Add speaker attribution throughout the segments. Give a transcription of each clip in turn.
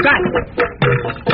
Speaker 1: Got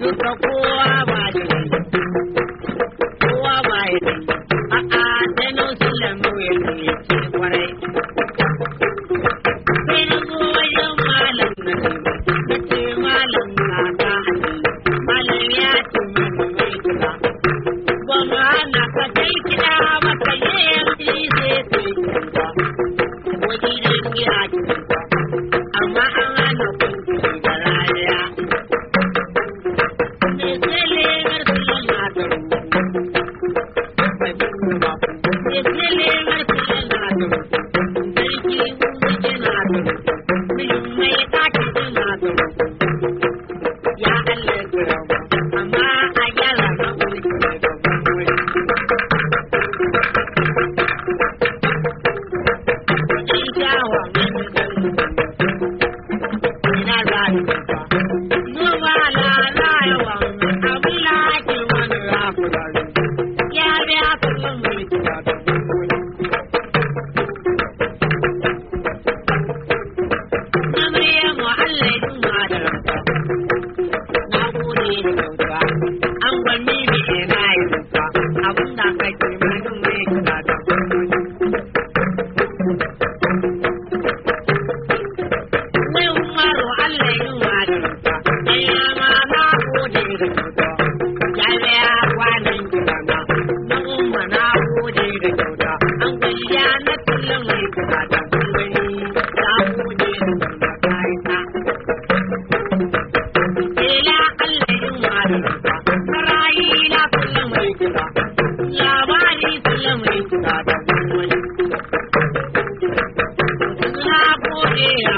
Speaker 1: duka kowa ba da kowa ba da a'a dano ya ya ce kwarai sai na zo wajen malam na na ce malam na ta malam ya ce min mai kira ba ma na ka kai kira yi yanzu sai sai kira wajen yin Thank you.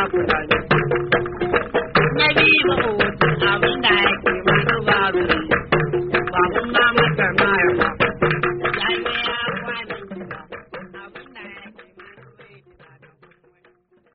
Speaker 1: na kudanya